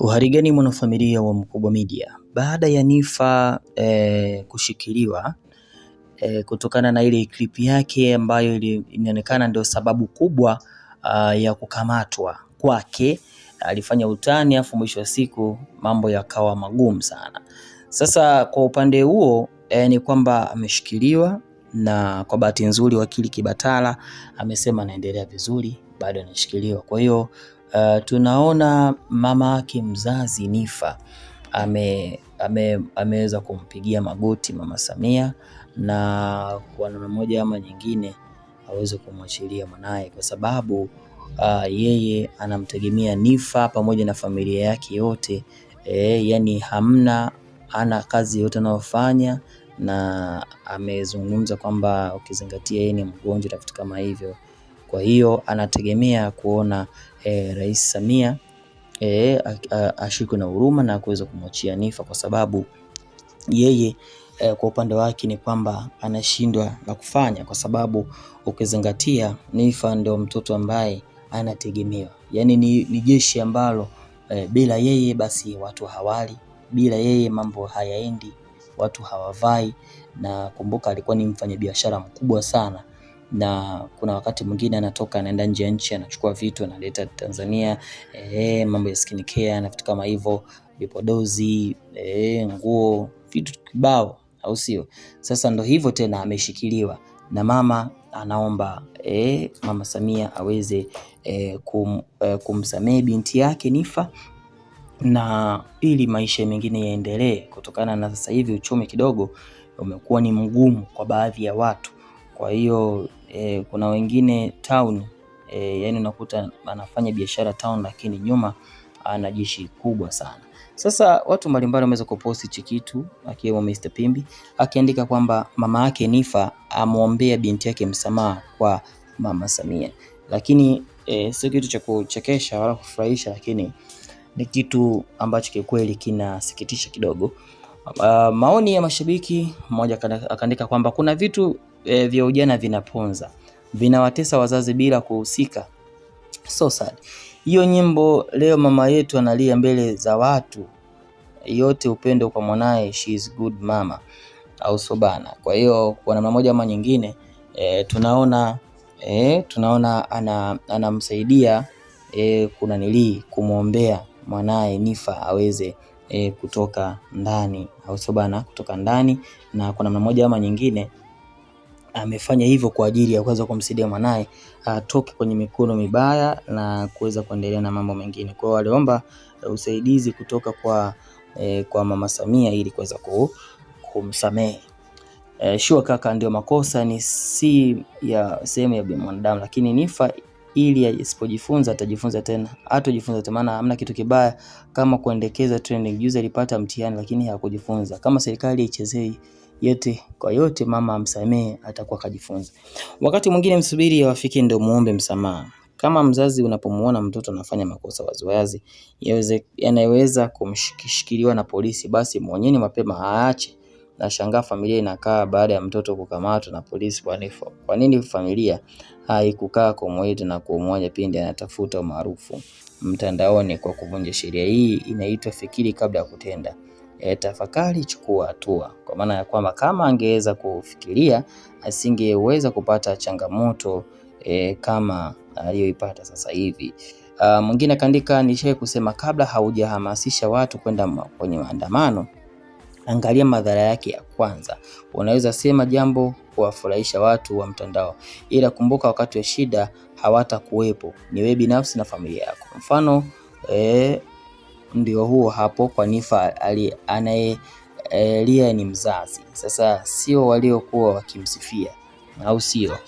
Uharigani mwanafamilia wa Mkubwa Media, baada ya Nifa e, kushikiliwa e, kutokana na ile clip yake ambayo inaonekana ndio sababu kubwa a, ah, ya kukamatwa kwake. Alifanya utani, afu mwisho wa siku mambo yakawa magumu sana. Sasa kwa upande huo e, ni kwamba ameshikiliwa na kwa bahati nzuri wakili Kibatala amesema anaendelea vizuri, bado anashikiliwa. Kwa hiyo Uh, tunaona mama yake mzazi Nifa ame ameweza kumpigia magoti Mama Samia na kwa namna moja ama nyingine aweze kumwachilia mwanaye kwa sababu uh, yeye anamtegemea Nifa pamoja na familia yake yote e, yani hamna ana kazi yote anayofanya na amezungumza kwamba ukizingatia yeye ni mgonjwa na vitu kama hivyo kwa hiyo anategemea kuona e, Rais Samia e, ashikwe na huruma na kuweza kumwachia Nifa kwa sababu yeye e, kwa upande wake ni kwamba anashindwa na kufanya, kwa sababu ukizingatia Nifa ndio mtoto ambaye anategemewa, yaani ni, ni jeshi ambalo e, bila yeye basi watu hawali, bila yeye mambo hayaendi, watu hawavai. Na kumbuka alikuwa ni mfanyabiashara mkubwa sana na kuna wakati mwingine anatoka anaenda nje ya nchi anachukua vitu analeta Tanzania, e, mambo ya care na vitu kama hivyo, vipodozi e, eh, nguo, vitu kibao, au sio? Sasa ndo hivyo tena, ameshikiliwa na mama anaomba e, mama Samia aweze e, kum, e, kumsamehe binti yake Nifa na ili maisha mengine yaendelee, kutokana na sasa hivi uchumi kidogo umekuwa ni mgumu kwa baadhi ya watu. Kwa hiyo e, kuna wengine town e, yani unakuta anafanya biashara town, lakini nyuma ana jeshi kubwa sana. Sasa watu mbalimbali wameweza kupost hichi kitu, akiwemo Mr Pimbi akiandika kwamba mama yake Nifa amwombea binti yake msamaha kwa mama Samia, lakini e, sio kitu cha kuchekesha wala kufurahisha, lakini ni kitu ambacho kikweli kinasikitisha kidogo. Uh, maoni ya mashabiki, mmoja akaandika kwamba kuna vitu e, vya ujana vinaponza, vinawatesa wazazi bila kuhusika. So sad. Hiyo nyimbo leo mama yetu analia mbele za watu, yote upendo kwa mwanaye, she is good mama, au so bana. Kwa hiyo kwa namna moja ama nyingine e, tunaona e, tunaona anamsaidia ana e, kuna nilii kumwombea mwanaye Nifa aweze e, kutoka ndani au so bana, kutoka ndani na kwa namna moja ama nyingine amefanya hivyo kwa ajili ya kuweza kumsaidia mwanaye atoke kwenye mikono mibaya na kuweza kuendelea na mambo mengine. Kwa hiyo aliomba uh, usaidizi kutoka kwa, eh, kwa Mama Samia ili kuweza kumsamehe. Eh, shua kaka, ndio makosa ni si ya sehemu ya mwanadamu, lakini nifa ili asipojifunza atajifunza tena, hatojifunza tena. Maana hamna kitu kibaya kama kuendekeza trending. Juzi alipata mtihani lakini hakujifunza. Kama serikali ichezei yote kwa yote mama amsamehe, atakuwa kajifunza. Wakati mwingine msubiri awafike ndio muombe msamaha. Kama mzazi unapomuona mtoto anafanya makosa waziwazi yanayoweza kumshikiliwa na polisi, basi mwonyeni mapema aache. Nashangaa familia inakaa baada ya mtoto kukamatwa na polisi. Kwa nini familia haikukaa kumwita na kumwonya pindi anatafuta umaarufu mtandaoni kwa kuvunja sheria? Hii inaitwa fikiri kabla ya kutenda e, tafakari, chukua hatua, kwa maana ya kwamba kama angeweza kufikiria asingeweza kupata changamoto e, kama aliyoipata sasa hivi. Uh, mwingine akaandika, nishai kusema kabla haujahamasisha watu kwenda kwenye maandamano, angalia madhara yake ya kwanza. Unaweza sema jambo kuwafurahisha watu wa mtandao, ila kumbuka, wakati wa shida hawatakuwepo, ni wewe binafsi na familia yako. Mfano eh, ndio huo hapo, kwa nifa anayelia eh, ni mzazi. Sasa sio waliokuwa wakimsifia, au sio?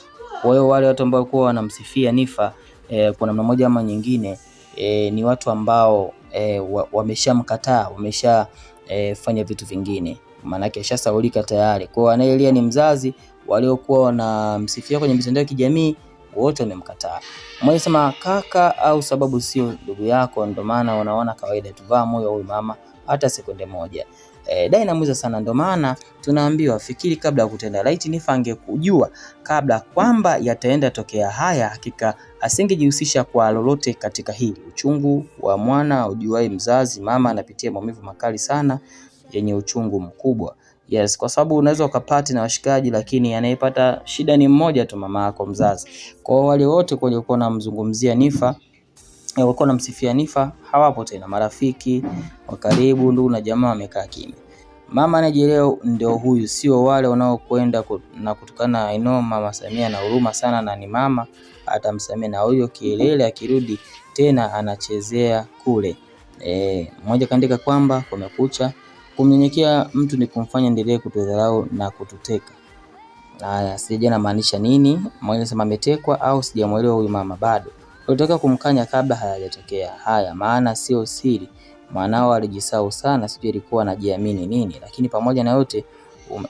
Kwa hiyo wale watu ambao kuwa wanamsifia Nifa eh, kwa namna moja ama nyingine eh, ni watu ambao e, wameshamkataa wameshafanya eh, fanya vitu vingine, maanake ashasaulika tayari. Kwa hiyo anayelia ni mzazi, waliokuwa wanamsifia kwenye mitandao ya kijamii wote wamemkataa. Mmoja sema kaka au sababu sio ndugu yako, ndio maana unaona kawaida, tuvaa moyo huyu mama hata sekunde moja. E, dai namuuza sana, ndio maana tunaambiwa fikiri kabla ya kutenda. Laiti Niffer angekujua kabla kwamba yataenda tokea haya, hakika asingejihusisha kwa lolote katika hili. Uchungu wa mwana ujuai mzazi, mama anapitia maumivu makali sana yenye uchungu mkubwa. Yes, kwa sababu unaweza ukapati na washikaji lakini anayepata shida ni mmoja tu, mama yako mzazi. Kwa hiyo wale wote waliokuwa namzungumzia Nifa eh, walikuwa namsifia Nifa hawapo tena, marafiki wa karibu, ndugu na jamaa wamekaa kimya. Mama anayejielewa ndio huyu, sio wale wanaokwenda na kutukana. Aino, mama Samia na huruma sana, na ni mama atamsamia, na huyo kielele akirudi tena anachezea kule. E, mmoja kaandika kwamba kumekucha Kumnyenyekea mtu ni kumfanya endelee kutudharau na kututeka. Haya, na namaanisha nini? Mwingine sema ametekwa au sijamwelewa huyu mama bado. Ulitaka kumkanya kabla hayajatokea haya, maana sio siri. Mwanao alijisahau sana, sijui alikuwa anajiamini nini, lakini pamoja na yote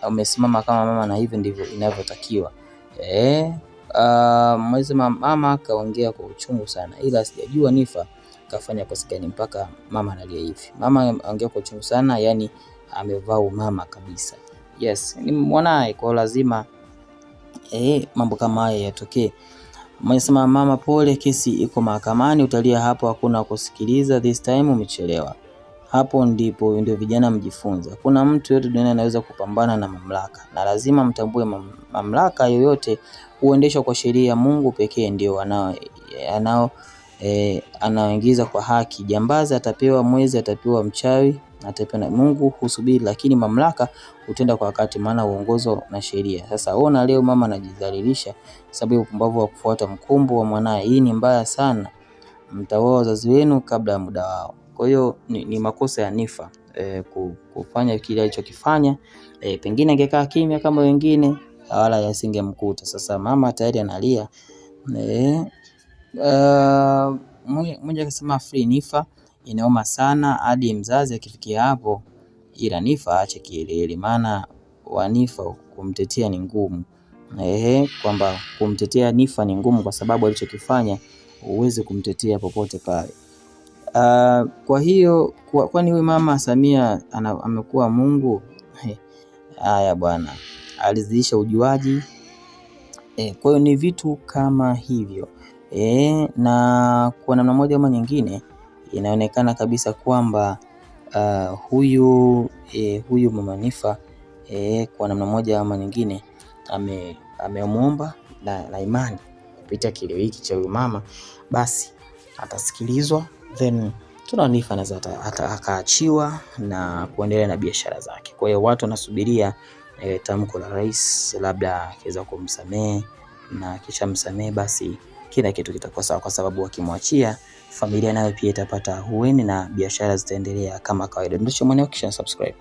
umesimama kama mama, na hivyo ndivyo inavyotakiwa. Eh, uh, mama akaongea kwa uchungu sana, ila sijajua Nifa kafanya kosekani mpaka mama analia hivi. Mama anaongea kwa uchungu sana, yani amevaa umama kabisa. Yes, ni mwanae kwa lazima eh, mambo kama haya yatokee. Mwanasema mama, pole, kesi iko mahakamani, utalia hapo, hakuna kusikiliza, this time umechelewa. Hapo ndipo ndio vijana mjifunza, kuna mtu yote duniani anaweza kupambana na mamlaka, na lazima mtambue mamlaka yoyote huendeshwa kwa sheria ya Mungu pekee, ndio anao anao e, anaingiza kwa haki. Jambazi atapewa, mwezi atapewa, mchawi atapewa, na Mungu husubiri, lakini mamlaka hutenda kwa wakati, maana uongozo na sheria. Sasa ona leo mama anajidhalilisha sababu ya upumbavu wa kufuata mkumbo wa mwanae. Hii ni mbaya sana, mtaoa wazazi wenu kabla ya muda wao. Kwa hiyo ni, ni makosa ya Nifa e, kufanya kile alichokifanya e, pengine angekaa kimya kama wengine wala yasingemkuta. Sasa mama tayari analia e, Eh, mmoja akasema free Niffer inauma sana hadi mzazi akifikia hapo, ila Niffer aache kielele, maana wa Niffer kumtetea ni ngumu. Ehe, kwamba kumtetea Niffer ni ngumu kwa sababu alichokifanya huwezi kumtetea popote pale. Uh, kwa hiyo kwani kwa huyu mama Samia ana, amekuwa Mungu? Haya bwana, alizidisha ujuaji eh. Kwa hiyo ni vitu kama hivyo. E, na kwa namna moja ama nyingine inaonekana kabisa kwamba uh, huyu e, huyu Mama Nifa e, kwa namna moja ama nyingine amemwomba na, na imani kupitia kilio hiki cha huyu mama basi atasikilizwa then tuna Niffer anaweza akaachiwa na kuendelea na biashara zake. Kwa hiyo watu wanasubiria e, tamko la rais, labda akiweza kumsamehe na kisha msamehe basi kila kitu kitakuwa sawa, kwa sababu wakimwachia familia nayo pia itapata hueni na biashara zitaendelea kama kawaida. Ndicho mwanao subscribe.